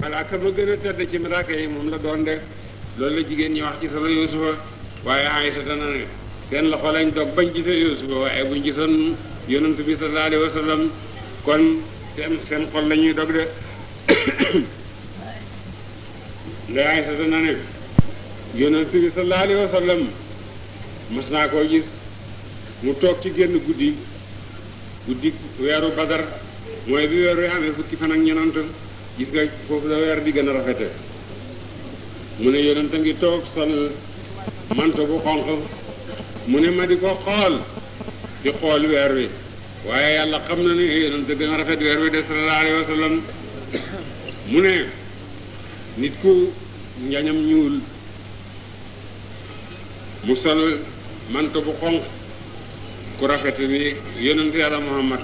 malaaka ma gën a tedd ci malaaka yi moom la doon de loolu la jigéen ñi wax ci sama yuusufa waaye Aysa dana ne seen loxo lañ dog bañ gisee yuusufa waaye buñ gisoon yonent bi sallallahu laa wa sallam kon seen seen xol la ñuy dog de nda Aysa dana ne yonent bi sallallahu alayhi wa sallam mës naa koo gis mu toog ci génn guddi guddi weeru badar mooy bi weer wi amee fukki fan ak ñenant gis nga foofu la weer di gën a rafete mu ne yonent a ngi toog sol manto bu xonq mu ne ma di ko xool di xool weer wi waaye yàlla xam na ne yonent a gën a rafet weer wi de sallallahu alayhi wa mu ne nit ku njañam ñuul mu sol manto bu xonq ku rafete ni yonent yàlla Muhammad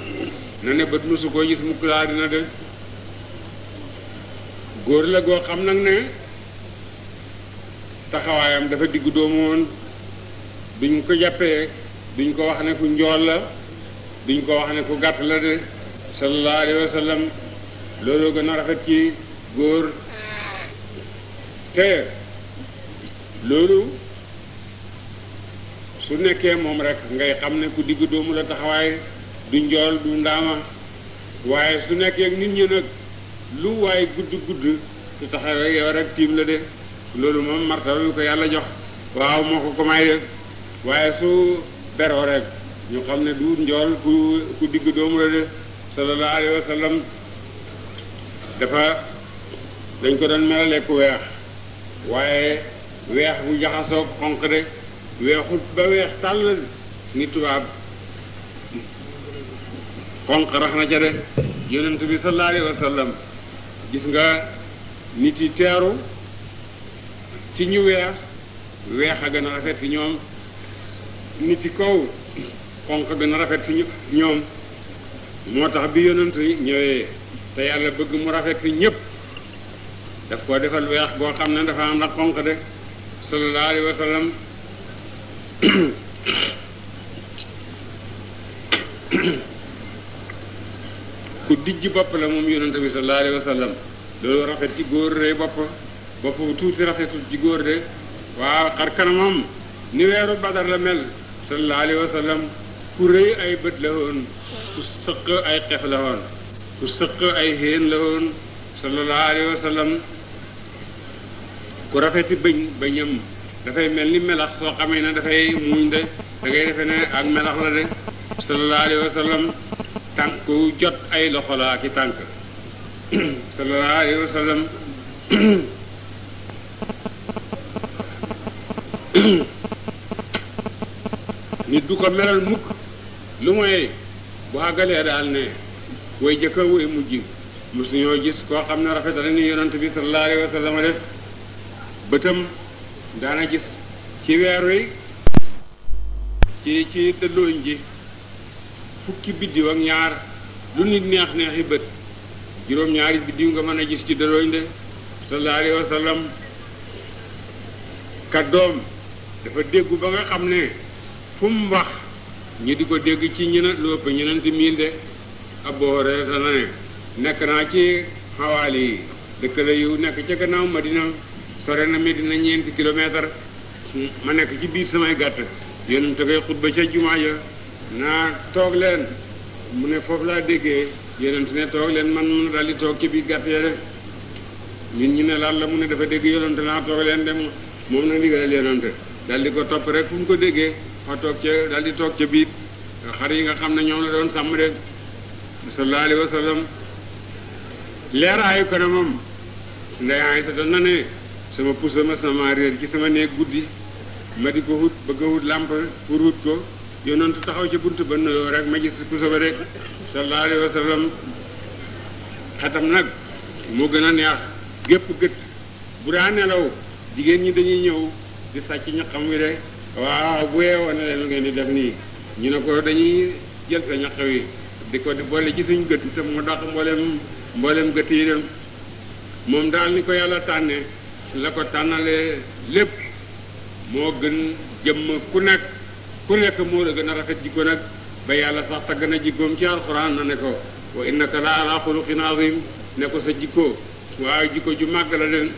na ne bët musu koo gis mukk laa dina de góor la goo xam nag ne taxawaayam dafa diggu doomu woon duñ ko jàppee duñ ko wax ne ku njool la duñ ko wax ne ku gàtt la de sallallahu alayhi wa sallam looloo gën a rafet ci góor te loolu su nekkee moom rek ngay xam ne ku diggu doomu la taxawaay du njool du ndaama waaye su nekkee nit ñi nag lu waaye gudd gudd su taxawee yow rek tiim la de loolu moom martaba bi ko yàlla jox waaw moo ko ko may de waaye su beroo rek ñu xam ne du njool ku digg doomu la de sallallahu alayhi dafa dañ ko doon melale ku weex waaye weex bu jaxasoo xonq de weexut ba weex tàll ni tubaab xonq rax na ca de yonent bi sallallahu alayhi gis nga nit yi teeru ci ñu weex weex a gën a rafet fi ñoom nit yi kaw xonq bi a rafet fi ñoom moo tax bi yonent ñëwee te yàlla bëgg mu rafet fi ñépp daf koo defal weex boo xam ne dafa am la xonq de sallallahu alayhi wa ku dijj bopp la moom yonente bi sallallahu alayhi wa loolu rafet ci góor rey bopp bopp bu tuuti rafetul ci góor de waaw xar kanamam ni weeru badar la mel sallallahu alayhi wa sallam ku rëy ay bët la woon ku sëq ay xef la woon ku sëq ay xéen la woon sallallahu alayhi ku rafeti bëñ bëñam dafay mel ni melax soo xamee ne dafay muuñ de da ngay ne ak melax la de sallallahu alayhi tànk jot ay loxo la ak i tànk sallallahu alayhi wa sallam nit du ko meral mukk lu mooy bu àggalee daal ne way jëkka way mujj mosuñoo gis koo xam rafet rafetal ni yonent bi sallallahu alayhi wa def bëtam daana gis ci weer wi ci ci dëllooñ ji fukki biddiw ak ñaar bu nit neex neexi bët juróom-ñaari biddiw nga mën a gis ci dërooñ de sallallahu alayhi wa sallam kàddoom dafa déggu ba nga xam ne fu mu wax ñi di ko dégg ci ñina lu ëpp ñenenti miil de Abu Hurayra na ne nekk naa ci xawaali yi dëkk la yu nekk ca gannaaw Madina sore na Madina ñeenti kilomètre ma nekk ci biir samay gàtt yéen a ngi xutba ca jumaa ya naa toog leen mu ne foofu laa déggee yonent ne toog leen man mun daal di toog ci biir gàtt ya de ñu ne laal la mu ne dafa dégg yonent naa toog leen dem moom na ndigal yonent daal di ko topp rek fu mu ko déggee fa toog ca daal di toog ca biir xar yi nga xam ne ñoom la doon sàmm de sallallahu alayhi wa sallam leeraayu kanamam ndey Aysa sama pusa ma sama réer ci sama néeg guddi ma di ko wut bëgg a wut làmp pour wut ko yonent taxaw ci bunt ba nuyoo rek ma gis puso ba de sallallahu alayhi wa sallam nag moo gën a neex gépp gët bu daa nelaw jigéen ñi dañuy ñëw di sàcc ñaqam wi de di ñu ne ko dañuy jël sa ñaq wi di ko boole ci suñ gët te mu dox mboolem mboolem gët yi dem moom daal ni ko yàlla tànne la ko tànnalee lépp moo gën jëmm ku nekk ku nekk moo la gën a rafet jikko nag ba yàlla sax tagg na jikkoom ci alxuraan na ne ko wa innaka la ala xuluqin azim ne ko sa jikko waaw jikko ju màgg la leen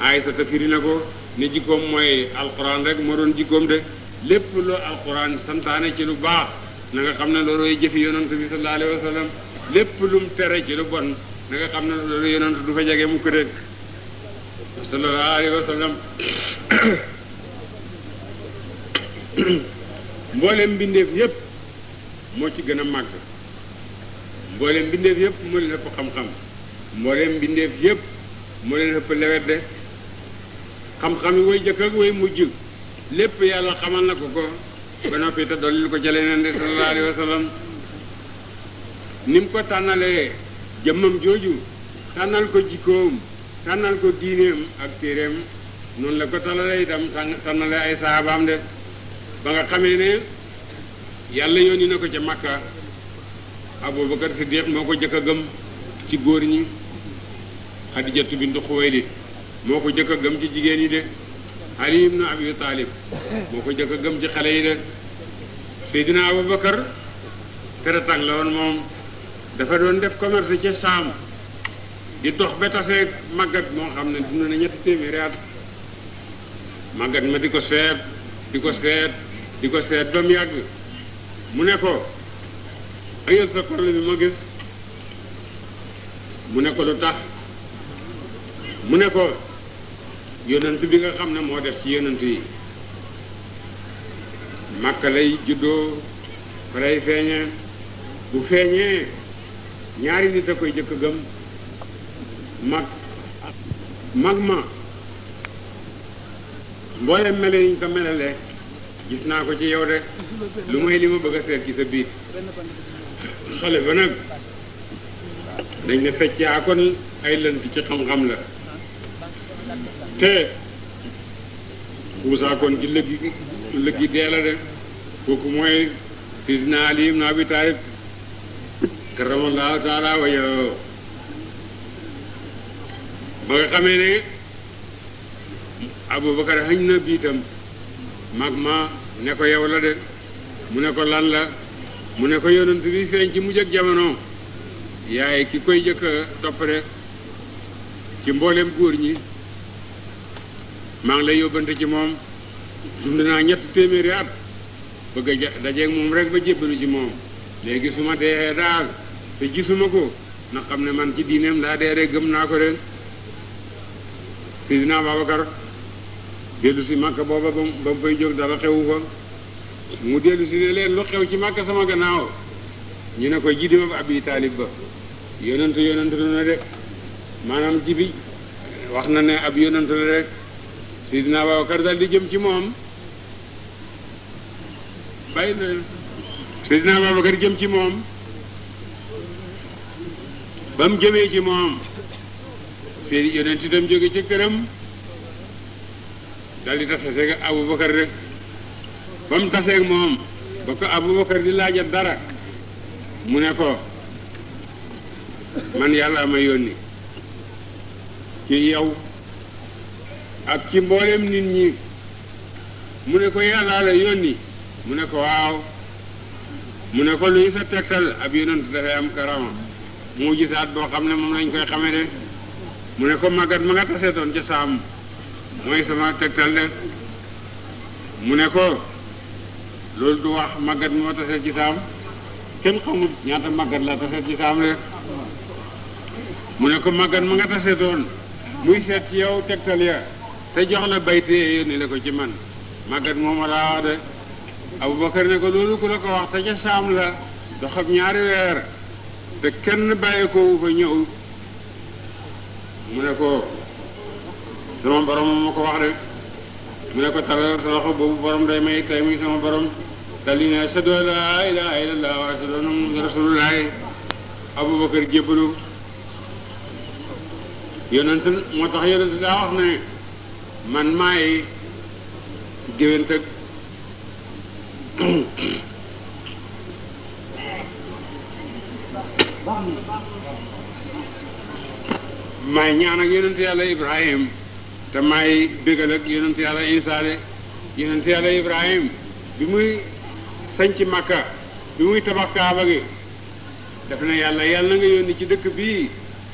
ay sa tafiri na ko ne jikkoom mooy alxuraan rek moo doon jikkoom de lépp loo alxuraan santaane ci lu baax na nga xam ne loolooy jëfi yonent bi sallallahu alayhi wa sallam lépp lu mu tere ci lu bon na nga xam ne loolu yonent du fa jege mukk de sallallahu alayhi wa sallam mboolem mbindeef yépp moo ci gën a màgg mboolem mbindeef yépp moo leen ëpp xam-xam mboolem mbindeef yépp moo leen ëpp lewedde xam-xam yi way jëkk way mujj lépp yàlla xamal na ko ko ba noppi te dolli ko ca leneen de sallallahu alayhi ni mu ko tànnalee jëmmam jooju tànnal ko jikkoom tànnal ko diineem ak téereem noonu la ko tànnalee itam tànnalee ay saabaam de ba nga xamee ne yàlla yónni na ko ca Makka Abubakar Siddiq moo ko jëkk a gëm ci góor ñi Xadijatu bintu Xuwaylid moo ko jëkk gëm ci jigéen yi de Ali ibn Abi Talib moo gëm ci xale yi de Seydina Abubakar la woon moom dafa doon def commerce ca Saam di dox ba taseeg màggat moo xam ne dund na ñetti téeméeri at màggat ma di ko seet di ko seet di ko seet doom yàgg mu ne ko ayal sa problème bi ma gis mu ne ko lu tax mu ne ko yonent bi nga xam ne moo def ci yonent yi màkka lay juddoo fa feeñee bu feeñee ñaari nit a koy jëkk gëm mag mag ma mboolem mele yiñ ko melale gis naa ko ci yow de lu may li ma bëgg a seet ci sa biir xale ba nag dañ ne feccaa kon ay lënt ci xam-xam la te kuusaa kon ci lëggi lëggi dee la de kooku mooy sidina Ali ibn Abi Talib karamallahu taala wa yow ba nga xamee ne Abubakar xañ na biitam mag ma ne ko yow la de mu ne ko lan la mu ne ko yonent bi feeñ ci mujj ak jamono yaay ki koy jëkk a toppare ci mbooleem góor ñi maa ngi lay yóbbante ci moom dund naa ñett téeméeri at bëgg a ja dajeeg moom rek ba jébbalu ci moom léegi su ma dee daal te gisuma ko na xam ne man ci diineem laa dee rek gëm naa ko naa Sidina Babacar dellu si màkka booba ba mu ba mu fay jóg dara xewu fa mu dellu si ne leen lu xew ci màkka sama gannaaw ñu ne ko jiite ba abi taalib ba yonent yonent na de maanaam ji bi wax na ne ab yonent la rek Sidina Abubakar daal di jëm ci moom bàyyi na Sidina Abubakar jëm ci moom ba mu jëmee ci moom seen yonent itam jóge ci këram dal di taseeg Abubakar rek ba mu taseeg moom ba ko Abubakar di laaja dara mu ne ko man yàlla ma yónni ci yow ak ci mboolem nit ñi mu ne ko yàllaa la yónni mu ne ko waaw mu ne ko luy sa tegtal ab yonent dafay am karama mu gisaat boo xam ne moom lañ koy xame de mu ne ko màggat ma nga tasee toon ca saam mooy sama tegtal de mu ne ko loolu du wax màggat moo tase ci saam kenn xamul ñaata màggat la tase ci saam de mu ne ko màggat mu nga tase muy seet ci yow tegtal ya te jox la baytee yónni la ko ci man màggat mooma laa wax de Abubakar ne ko loolu ku la ko wax te ca saam la doxab ñaari weer te kenn bàyyi ko wu ñëw mu ne ko sama borom moo ma ko wax rek mu ne ko tàllal sa loxo boobu borom day may tey muy sama borom tali ne ashhadu an laa ilaaha illallaah wa ashhadu anna muhammadan rasulullaah Abubakar jébbalu yonent moo tax yonent daa wax ne man maay géwént ak maay ñaan ak yonent yàlla Ibrahim te may bégal ak yonent yàlla Isa de yonent yàlla Ibrahim bi muy sanc Makka bi muy tabax Kaaba gi def na yàlla yàlla nga yónni ci dëkk bii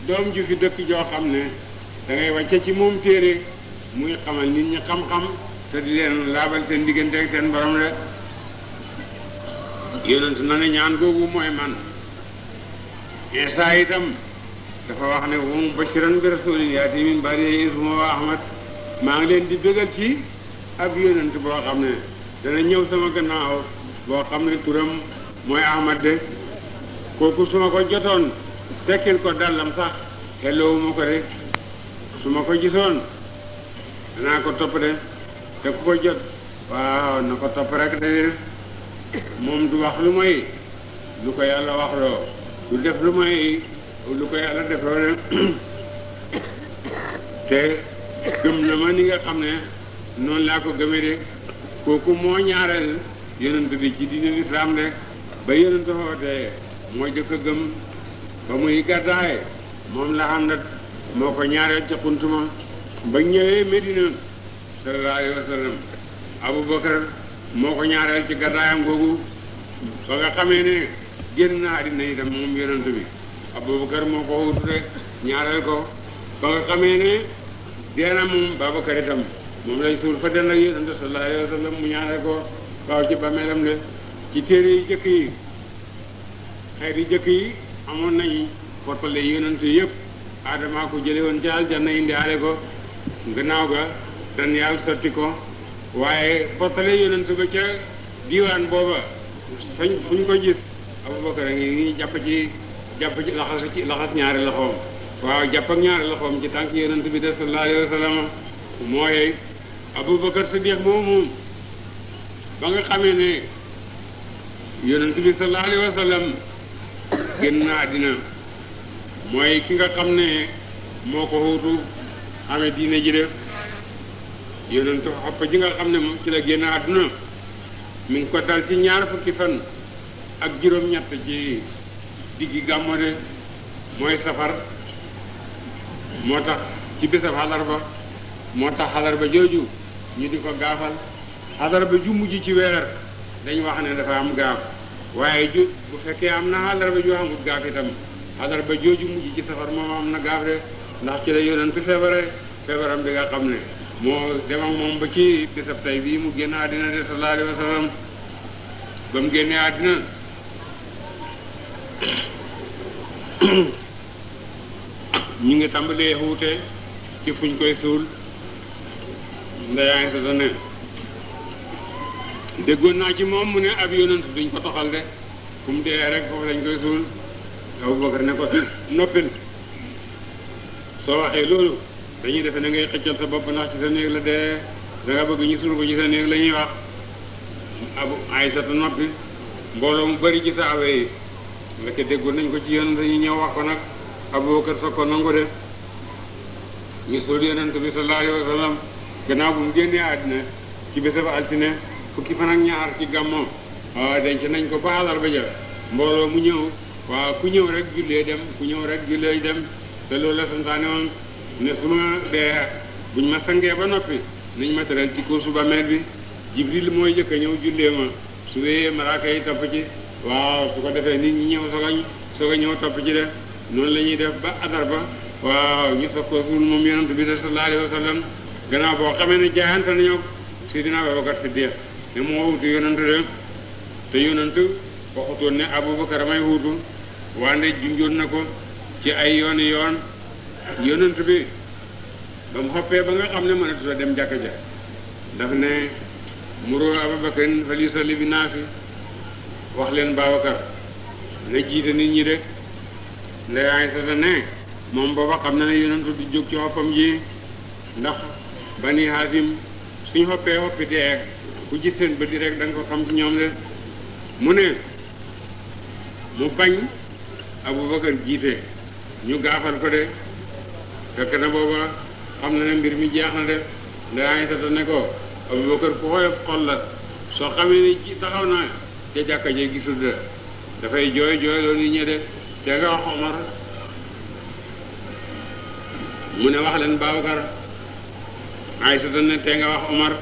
doom ju fi dëkk joo xam ne dangay ngay wàcce ci moom téere muy xamal nit ñi xam-xam te di leen laabal seen diggante ak seen borom de yonent na ne ñaan googu mooy man Isa itam dafa wax ne wum bashiran bi rasulillahi min ba'di ismu wa ahmad maa ngi leen di bégal ci ab yonent boo xam ne dana ñëw sama gannaaw boo xam ne turam mooy ahmad de kooku su ma ko jotoon tekkil ko dàllam sax xelloowu ma ko de su ma ko gisoon danaa ko topp de te ku ko jot waaw na ko topp rek de moom du wax lu may lu ko yàlla waxloo du def lu may lu ko yàlla defoon te gëm na ma ni nga xam ne noonu laa ko gëmee de kooku moo ñaareel yonent bi ci diine lislaam de ba yonent xootee moo jëkk a gëm ba muy gàddaaye moom la xam ne moo ko ñaareel ci xuntuma ba ñëwee Medina sallallahu alayhi wa sallam moo ko ñaareel ci gàddaayam googu ba nga xamee ne génn na àddina itam moom yonent bi Abubakar moo ko wutu de ñaareel ko ba nga xamee ne deena moom Babacar itam moom lañ suul fa den ak yonente sallallahu alayhi mu ñaareel ko waaw ci bàmmeelam de ci téere jëkk yi xeet jëkk yi amoon nañu portale yonente yëpp aadamaa ko jële woon ci aljanna indiaale ko gannaaw ga dan sotti ko waaye portale yonente ba ca diwaan booba fañ ñu ko gis Abubakar a ngi jàpp ci jàpp ji laxas ci laxas ñaari loxoom waaw jàpp ak ñaari loxoom ci tànk yonent bi de sallallahu alayhi wa sallam mooy Abubakar Siddiq moomu ba nga xamee ne yonent bi sallallahu alayhi génn na àddina mooy ki nga xam ne moo ko xuutu amee diine ji def yonent xam ne moom ci la génn àdduna mi ngi ko dal ci ñaar fukki fan ak juróom-ñett ci diggi gàmmo mooy safar moo tax ci bésab xalarba moo tax xalarba jooju ñu di ko gaafal xalarba ju mujj ci weer dañ wax ne dafa am gaaf waaye ju bu fekkee am na xalarba ju amut gaaf itam xalarba jooju mujj ci safar moom am na gaaf de ndax ci la yonent feebare feebaram bi nga xam ne moo dem ak moom ba ci bésab tey bii mu génn àddina de sallallahu alayhi wa ba mu génnee àddina ñu ngi tàmbalee wuute ci fuñ koy suul ndayaay sa sa ne déggoon naa ci moom mu ne ab yonent duñ ko toxal de fu mu dee rek foofu lañ koy suul Abubakar ne ko noppil soo waxee loolu dañuy defe na ngay xëccal sa bopp ndax ci sa néeg la dee da nga bëgg ñu suul ko ci sa néeg lañuy ñuy wax abu Aysata noppi mbooloo mu bari ci saaba yi ndeke déggoon nañ ko ci yoon dañu ñëw wax ko nag Abubakar sa ko nangu de ñu suul yonent bi sallallahu alayhi wa sallam gannaaw bu mu génnee àddina ci bésab altine fukki fan ak ñaar ci gàmmoom waaw denc nañ ko ba àllarba ja mbooloo mu ñëw waaw ku ñëw rek jullee dem ku ñëw rek jullee dem te loolu la santaane woon ne su ma dee buñ ma sangee ba noppi nañ ma teral ci kuusu bàmmeel bi jibril mooy jëkk ñëw jullee ma su wéyee malaaka yi topp ci waaw su ko defee nit ñi ñëw soog a soog a ñëw topp ci de noonu la ñuy def ba adar ba waaw ñu soog ko suul moom yonent bi sallallahu alayhi wa boo xamee ne jaayante nañu Sidina Abubakar Siddiq ne moo wutu yonent de te yonent waxutoon ne Abubakar may wutu na ko ci ay yoon yoon yonent bi ba mu xoppee ba xam ne mënatu la dem jàkka ja daf ne muru wax leen Babacar na jiite nit ñi rek ndey Aysata ne moom booba xam na ne yonentu du jóg ci xoppam ji ndax bani suñ xoppee xoppite eeg ku gis seen bët yi rek ko xam ci ñoom de mu ne mu bañ Abubakar jiite ñu gaafal ko de fekk na booba xam na mbir mi jeex na de ndey Aysata ne ko Abubakar ku xoyof xol la soo xamee ne ji taxaw naa ca jàkka ja gisul dara dafay jooy jooy nit ñi de te nga wax Omar mu ne wax leen Babacar Aysata ne te nga wax Omar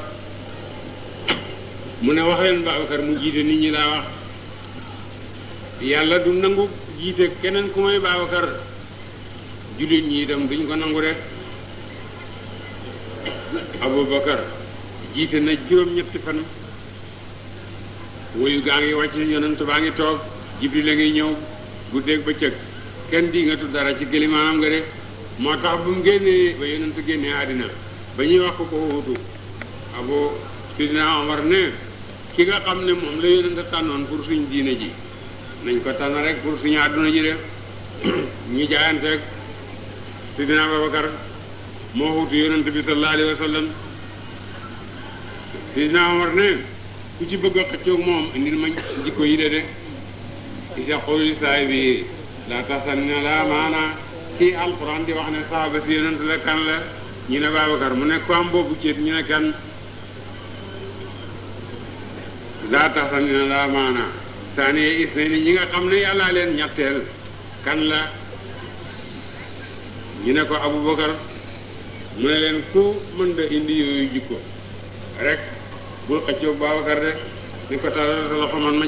mu ne wax leen Babacar mu jiite nit ñi laa wax yàlla du nangu jiite keneen ku may Babacar jullit ñi itam duñ ko nangu de Aboubacar jiite na juróom-ñetti fan wuyu gaa ngi wàcc yonent baa ngi toog jibril a ngi ñëw guddeeg bëccëg kenn di nga tudd dara ci gëlimaanam nga de moo tax bu mu génnee ba yonent génnee àddina ba ñuy wax ko ko wutu abo sidina Omar ne ki nga xam ne moom la yonent tànnoon pour suñ diine ji nañ ko tànn rek pour suñu àdduna ji de ñu jaayanteeg sidina Abubakar moo wutu yonent bi sallallahu alayhi wa sallam sidina Omar ne ku ci bëgg a xëccoo moom indil ma jikko yi de de isa xooli saay bi laa taxsan ne laa maana kii alquran di wax ne saxaaba si yonent la kan la ñu ne Babacar mu ne ko am boobu ceet ñu leen ñetteel ko mu ne leen ku mën da indi yooyu jikko rek bul xëccoo Babacar de ni ko tàllal sa loxo man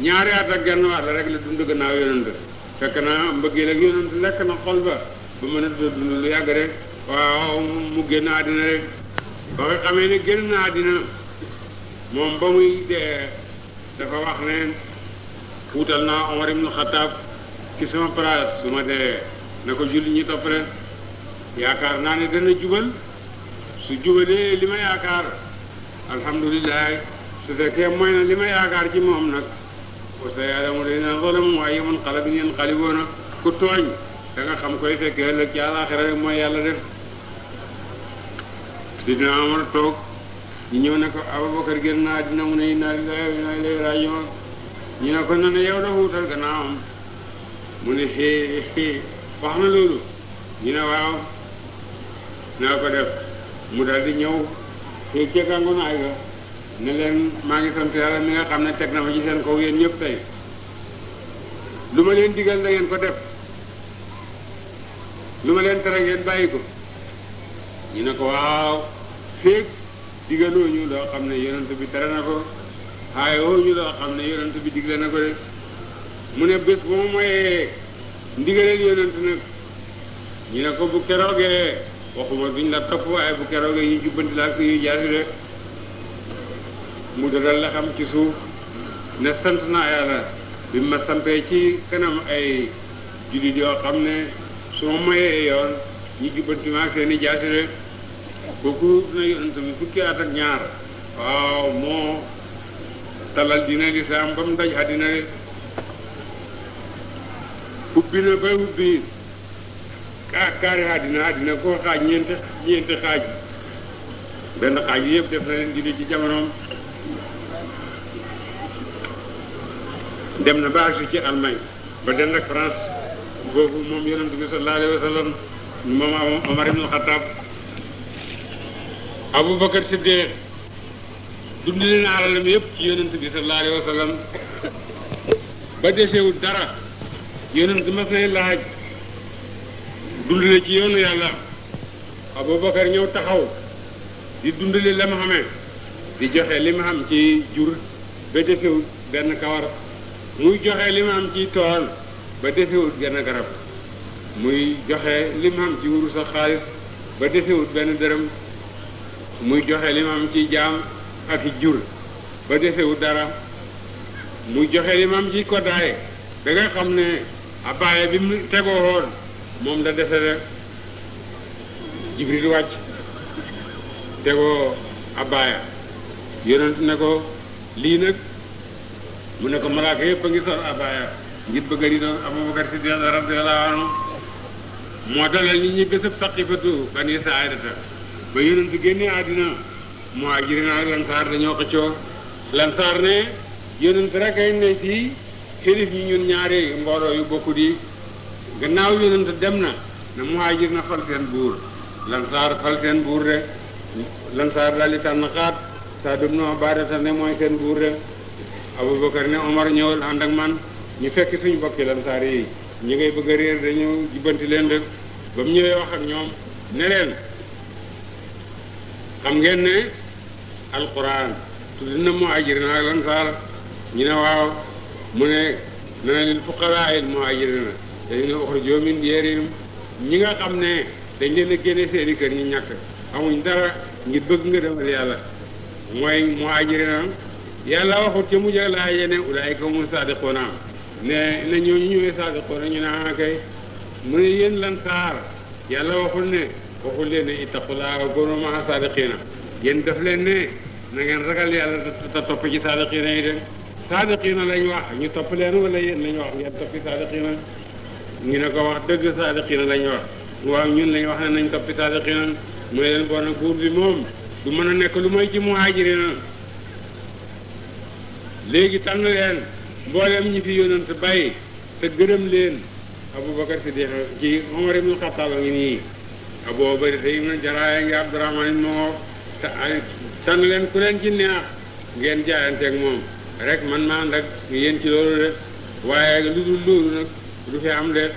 ma rek la dund gannaaw a dund rek waaw mu génn àddina rek ba nga génn na àddina moom ba muy dee dafa wax ne wuutal naa Omar ibn Khattab ci sama place su ma dee nako ko julli ñi topp ren yaakaar naa ne dana jubal su jubalee li ma yaakaar su fekkee mooy na li ma yaakaar ci moom nag wa sa yaalamu dina zalamu waaye man xalabin yeen ku tooñ da nga koy fekk ëllëg ci àllaaxira rek mooy yàlla def si dina amar toog ñu ñëw ne ko Abubakar gën naa dina mu ne inna lillahi wa inna ilayhi raaji'uun ñu ne na ne yow dafa wutal mu ne xee wax na loolu ñu ne waaw naa ko def mu daal di ñëw te jéggaangu naay ga ne leen maa ngi sant yàlla mi nga xam ne teg na ma ci seen kaw yéen ñëpp tey lu ma leen digal da ngeen ko def lu ma leen tere ngeen bàyyi ko ñu ne ko waaw féeg digaloo ñu loo xam ne yonent bi tere na ko xaayoo ñu loo xam ne yonent bi digle na ko de mu ne bés bu moyee ndigaleel yonent nag ñu ne ko bu keroogee waxuma duñ la topp waaye bu keroogee ñu jubbanti la ak suñuy jaasi mu dëggal la xam ci suuf ne sant naa yàlla bi ma sampee ci kanam ay jullit yoo xam ne su ma mayee yoon ñu jubbanti ma ak seeni jaasi de kooku na yonent bi fukki at ak ñaar waaw moo talal dina lislaam ba mu daj àddina de ubbi na bay ubbi kaari àddina àddina koo xaaj ñeenti ñeenti xaaj benn xaaj yëpp def na leen julli ci jamonoom dem na ba agsi ci Allemagne ba dem ak France boobu moom yonent bi sallallahu alayhi moom Omar ibn Khattab Aboubacar Siddiq dund leen alalam yëpp ci yonent bi sallallahu alayhi wa ba desewul dara yonent ma say laaj dund ci yoonu yàlla Abubakar ñëw taxaw di dundali la ma xamee di joxe li ma xam ci jur ba desewut benn kawar muy joxe li ma xam ci tool ba desewut benn garab muy joxe li ma xam wuru sa xaalis ba desewut benn dërëm muy joxe li ma xam ci jaam ak jur ba desewut dara muy joxe li ma xam ci koddaay da nga xam ne abbaaya bi mu tegoo woon moom la dese rek jibril wàcc tegoo abbaaya yonent ne ko lii nag mu ne ko malaaka yëpp a ngi sol abbaaya ngir bëgg a di doon abubakar siddiq radiyallahu anhu ba yonent génnee àddina muhaajiriin ak lansaar dañoo xëccoo lansaar ne yonent rek ay ne fii xelif yi ñun ñaari mbooloo yu bokku di gannaaw yonent dem na na muhaajir na fal seen buur lansaar fal seen buur de lansaar daal di tànn xaat saa dum no ne mooy seen buur de abubakar ne omar ñëwal ànd ak man ñu fekk suñu bokki lansaar yi ñu ngay bëgg a réer dañu jubbanti leen de ba mu ñëwee wax ak ñoom ne leen xam ngeen ne alquran tudd na muhaajir na lansaar ñu ne waaw mu ne dana lil fuqaraa il muhajirina dañu ne uxrijoo min diyarihim ñi nga xam ne dañ leen a génne seeni kër ñu ñàkk amuñ dara ngir bëgg nga demal yàlla mooy muhajirina yàlla waxut mu mujj laa yene ulaayka hum saadiqoona ne na ñooñu ñëwee saadiqoona ñu ne ah kay mu ne yéen lan saar yàlla waxul ne waxul leen laa ittaqulaa gono maa saadiqiina yéen daf leen ne na ngeen ragal yàlla te topp ci saadiqiina yi de saadiqiina lañ wax ñu topp leen wala yéen lañ wax ngeen toppi saadiqiina ñu ne ko wax dëgg saadiqiina lañ wax waaw ñun lañ wax ne nañ toppi saadiqiina mu ne leen bon buur bi moom du mën a nekk lu mooy ci muhaajiriina léegi tànn leen mboolem ñi fi yónent bàyyi te gërëm leen Abubakar Siddiq ci Umar ibnu Xattaab a ngi nii Abu Ubayda ibnu Jaraaha ngi Abdurahmaan ibnu Awf te tànn leen ku leen ci neex ngeen jaayanteeg moom rek man ma ànd ak yéen ci loolu de waaye lu dul loolu nag du fi am de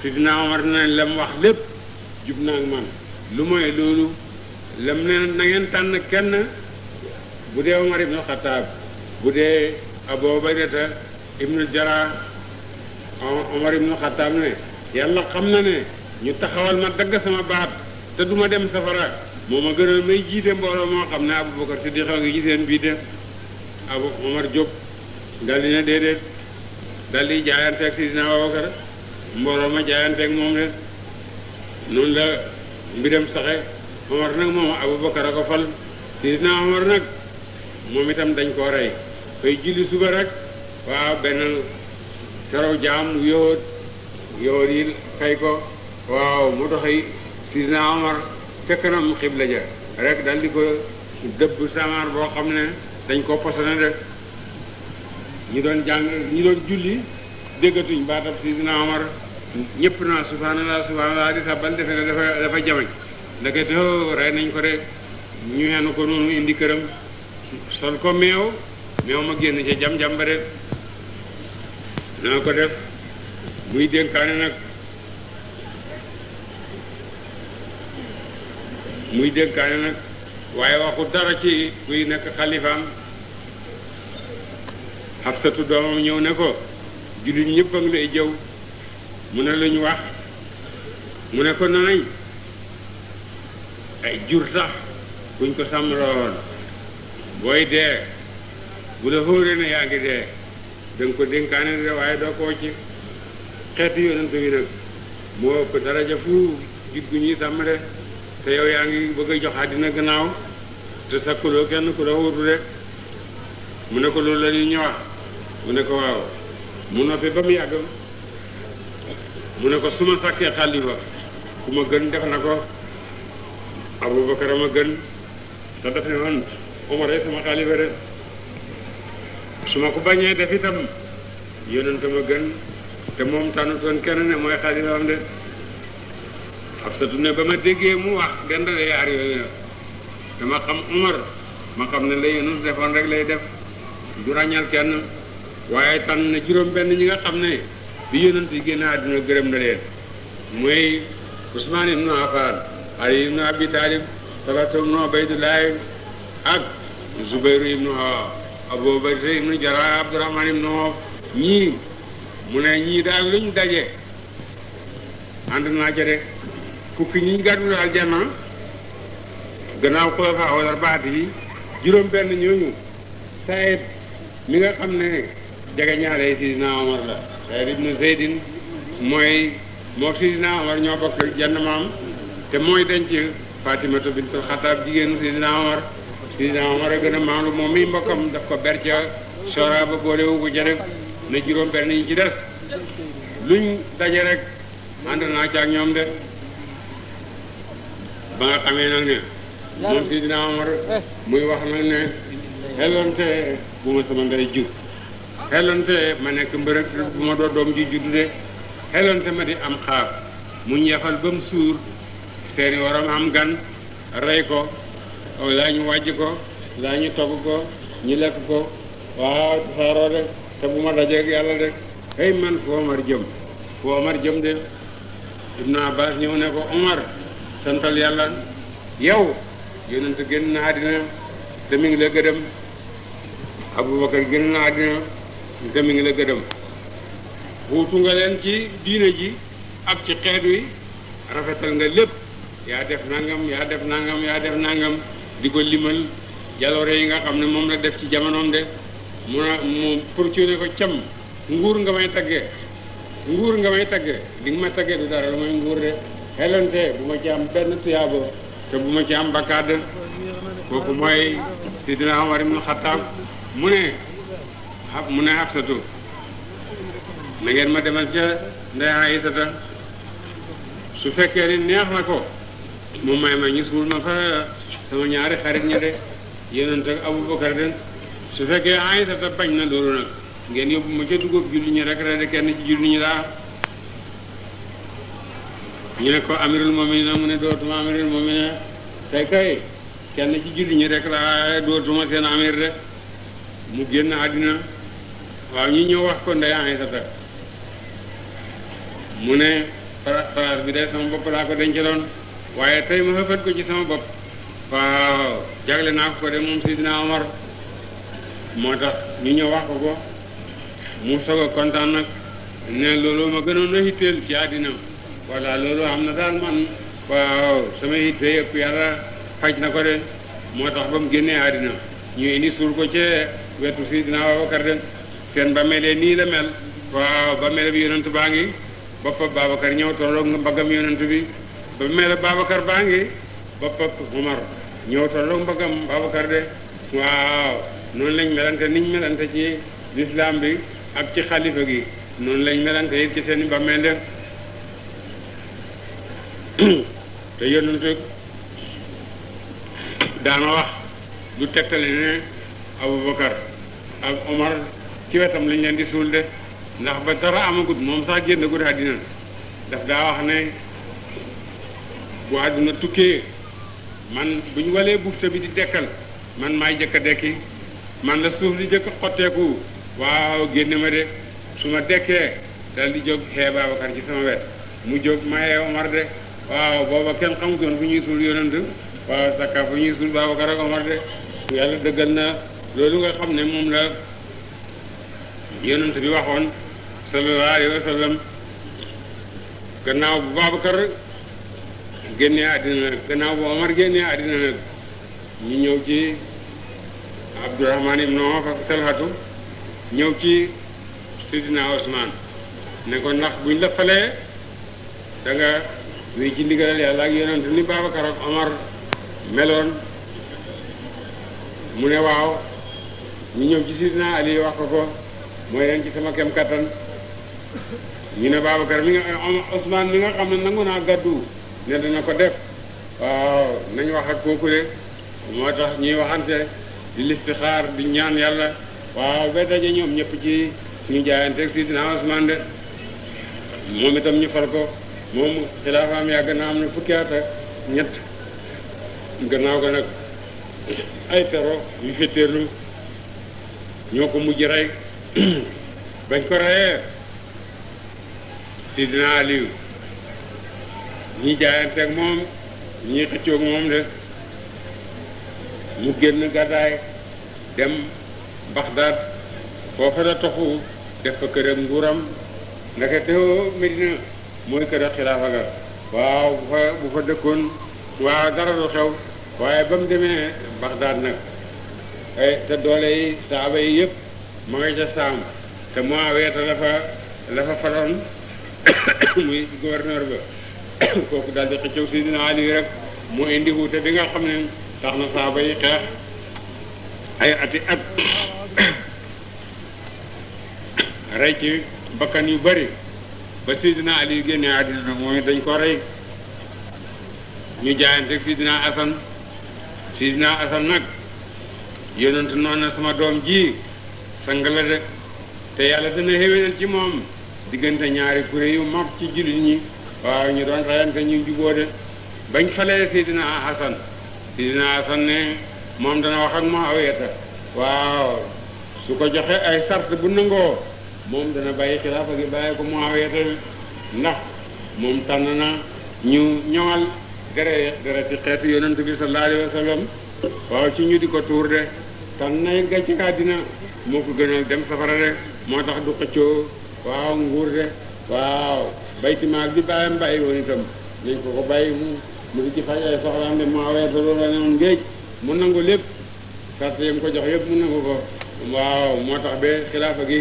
sidina Omar na lam wax lépp jub naa ak man lu mooy loolu lam ne na tànn kenn bu dee Omar ibnu Xataab bu dee Abu Ubaydata ibnu Jarrah Omar nu Xataab ne yàlla xam na ne ñu taxawal ma dagg sama baat te duma dem safara moo ma gënal may jiite mbooloo moo xam ne Abubakar Siddiq ngi ci bii de abu omar jóg daldi ne déedéet daldi jaayante ak sidina Abubakar mbooloo ma jaayante moom de noonu la mbiram saxe omar nag moom a ko itam dañ koo rey fay julli suba rek waaw benn saraw jaam yóot yóot yi fay ko waaw mu doxi sidina omar fekk na mu xibla ja rek daldi ko dëbb samaar boo xam ne dañ ko posone rek ñi doon jàng ñi doon julli déggatuñ baatab sidina Omar ñëpp naa subhanallah subhanallah di sàbbal defe ne dafa dafa jamañ ndekete oh, rey nañ ko rek ñu xenu ko noonu indi këram sol ko meew meew ma génn ca jam-jam ba rek dana ko def muy dénkaane nag muy dénkaane nag waaye waxu dara ci kuy nekk xalifaam xabsatu doomam ñëw ne ko jullit ñëpp a lay jëw mu ne luñ wax mu ne ko nañ ay jur sax buñ ko sàmmaloon booy dee bu la xóoree na yaa ngi dee danga ko dénkaane de waaye doo ko ci xeetu yonent bi nag moo ëpp daraja fu jur gu ñuy sàmm de te yow yaa ngi bëgg a jox àddina gannaaw te sakkuloo kenn ku la wóotu rek mu ne ko loolu la ñuy ñëwaat mu ne ko waaw mu noppi ba mu yàgg mu ne ko su ma sàkkee xalifa ku ma gën def na ko a ma gën te daf ne woon Omar sama xalifa rek su ma ko bañee def itam yonent ma gën te moom tànnutoon kenn ne mooy xalifaam de Hafsatu ne ba ma déggee mu wax dendale yaar yooyu nag dama xam Umar ma xam ne la Yunus defoon rek lay def du ràññal kenn waaye tànn na juróom benn ñi nga xam ne bi yonent yi génn àdduna gërëm na leen mooy Usmaan ibnu Affaan Ali ibnu Abi Taalib Talata ibnu Ubaydullaah ak Zubayru ibnu Abu Bakr ibnu Jarraah Abdurahmaan ibnu Awf ñii mu ne ñii daal lu ñu daje ànd naa ca de fukki ñi gàddu na aljanna gannaaw xulafaa wal arbaat yi juróom benn ñooñu Saïd mi nga xam ne jegeñaale Sidina Omar la Saïd ibnu Zeydin mooy moo Sidina Omar ñoo bokk jenn maam te mooy denc Fatimatu bintul Xataab jigéenu Sidina Omar Sidina Omar a gën a maandu moom mi mbokkam daf ko ber ca sora ba boolewu ko ca juróom benn yi ci des luñ daje rek ànd naa ñoom de ba nga xamee nag ne moom Seydina Omar eh. muy wax nag ne xelonte bu ma sama ndey jur xelonte ma nekk mbërëg bu ma doo doom ji judd de xelonte ma di am xaar mu ñeefal ba suur seeni waram am gan rey ko laa ñu wàjj ko laa ñu togg ko ñu lekk ko waaw saaroo de te bu ma dajeeg yàlla de hey man fu Omar jëm fu Omar jëm de Ibn Abbas ñëw ne ko Omar santal yàlla yow yonent génn na àddina te mi ngi la gëdëm abubakar génn na àddina te mi ngi la gëdëm wuutu nga leen ci diina ji ak ci xeet wi rafetal nga lépp yaa def nangam yaa def nangam yaa def nangam di ko limal jaloore yi nga xam ne moom la def ci jamonoom de mu mu pourcuune ko cam nguur nga may tagge nguur nga may tagge li nga ma tagge du dara lu may nguur de xelante bu ma ci am benn tuyaaba te bu ma ci am bakkaar kooku mooy sidina Umar ibn Xattaab mu ne a mu ne Hafsatu na ngeen ma demal ca ndey Aysata su fekkee ni neex na ko mu may ma ñu suul ma fa sama ñaari xarit ña de yonent ak Abubakar den su fekkee Aysata bañ na loolu nag ngeen yóbbu ma ca dugub julli ñi rek rek kenn ci julli ñi daa ñu ne ko amirul mu'minin mu ne dootuma amirul mu'minin tey kay kenn ci julli ñi rek la dootuma seen amir de mu génn àddina waaw ñu ñëw wax ko ndey Aysata mu ne place bi de sama bopp laa ko dencaloon waaye tey ma xëfat ko ci sama bopp waaw jagle naa ko ko de moom Sidina Omar moo tax ñu ñëw wax ko ko mu soog a kontaan nag ne loolu ma gënoon a hitteel ci àddina voilà loolu am na daal man waaw sama yitte yëpp yàlla faj na ko de moo tax ba mu génnee àddina ñu indi suul ko ci wetu Sidina Babacar de seen bàmmeele nii la mel waaw bàmmeele bi yonent baa ngi boppam Babacar ñëw tolloog mbaggam yonent bi bàmmeele Babacar baa ngi boppam Omar ñëw tolloog mbaggam Babacar de waaw noonu lañ melante niñ melante ci lislaam bi ak ci xalifa gi noonu lañ melante it ci seeni i bàmmeel de te yonent daana wax lu tegtale ne Abubakar ak Omar ci wetam lañ leen di suul de ndax ba dara amagut moom sax génn gut àddina daf daa wax ne bu àdduna tukkee man bu ñu walee bufta bi di dekkal man maay jëkk a dekki man la suuf li jëkk xotteeku waaw génne ma de su ma dekkee dal di jóg xee Babacar ci sama wet mu jóg mayee Omar de waaw booba kenn xamutoon fu ñuy suul yonent waaw sakka ñuy suul Babacar ak Omar de yàlla dëggal na loolu nga xam ne moom la yonent bi waxoon sallallahu alayhi wa sallam gannaaw bu Babacar génnee àddina nag gannaaw bu Omar génnee àddina nag ñu ñëw ci Abdurahman ibn Awf ak Talhatu ñëw ci Sidina Osman ne ko ndax buñ la falee wéy ci ndigalal yàlla ak yonent ni Babacar ak Omar meloon mu ne waaw ñu ñëw ci Sidna Ali wax ko ko mooy leen ci sama kem kattan ñu ne Babacar mi nga Ousmane mi am na ne nangu naa gàddu ne dana ko def waaw nañ wax ak kooku de moo tax ñuy waxante di listixaar di ñaan yàlla waaw ba daje ñoom ñëpp ci suñu jaayanteeg Sidna Ousmane de moom itam ñu fal ko moom xilaafaam yaa gën a am na fukki at ak ñett gannaaw ga ay fero yu fetteerlu ñoo ko mujj rey bañ ko reyee Sidina Aliyu ñi jaayanteeg moom ñi xëccoog moom de mu génn gàddaay dem Baxdaad foofa la toxu def fa këram nguuram ndeke teewoo oh, Medina mooy kër a xilaafa ga waaw bu fa bu fa dëkkoon waaw dara du xew waaye ba mu demee Baxdaad nag te doole yi saaba yi yëpp ma nga ca saam te Muawiya la fa la fa faloon muy gouverneur ba kooku daal di xëccëw Sidina Ali rek mu indi wuute bi nga xam ne tax na saaba yi xeex ay ati at rey ci bakkan yu bari ba Sidina Ali génne àddina nag moom dañ ko rey ñu jaayante ak Sidina Asan Sidina Asan nag yonentu noon na sama doom ji sang de te yàlla dana xéwénal ci moom diggante ñaari kuré yu mag ci jullit ñi waaw ñu doon reyante ñu juboo de bañ falee Sidina Asan Sidina Asan ne moom dana wax ak Muawiyata waaw su ko joxe ay sart bu nangoo moom dana bàyyi xilaafa gi bàyyi ko Muawiya ndax moom tànn na ñu ñoŋal dere dere ci xeetu yonent bi sallallahu alayhi wa waaw ci ñu di ko tuur de tànn nay gàcce àddina moo ko gënal dem safara de moo tax du xëccoo waaw nguur de waaw baytimaag bi bàyyam bàyyi woon itam mu mu di ci mu nangu lépp sart yam ko jox yëpp mu nangu ko waaw moo tax ba xilaafa gi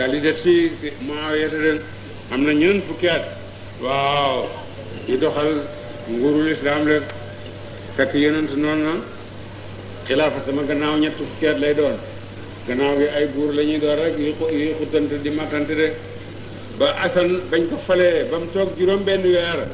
daal di des ci Muawiya ren am na ñeneen fukki at waaw di doxal nguurul islam la fekk yonent noonu na xilaafa sama gannaaw ñett fukki lay doon gannaaw bi ay buur lañuy ñuy doon rek yu yu di mattante de ba asan bañ ko falee ba mu toog juróom benn weer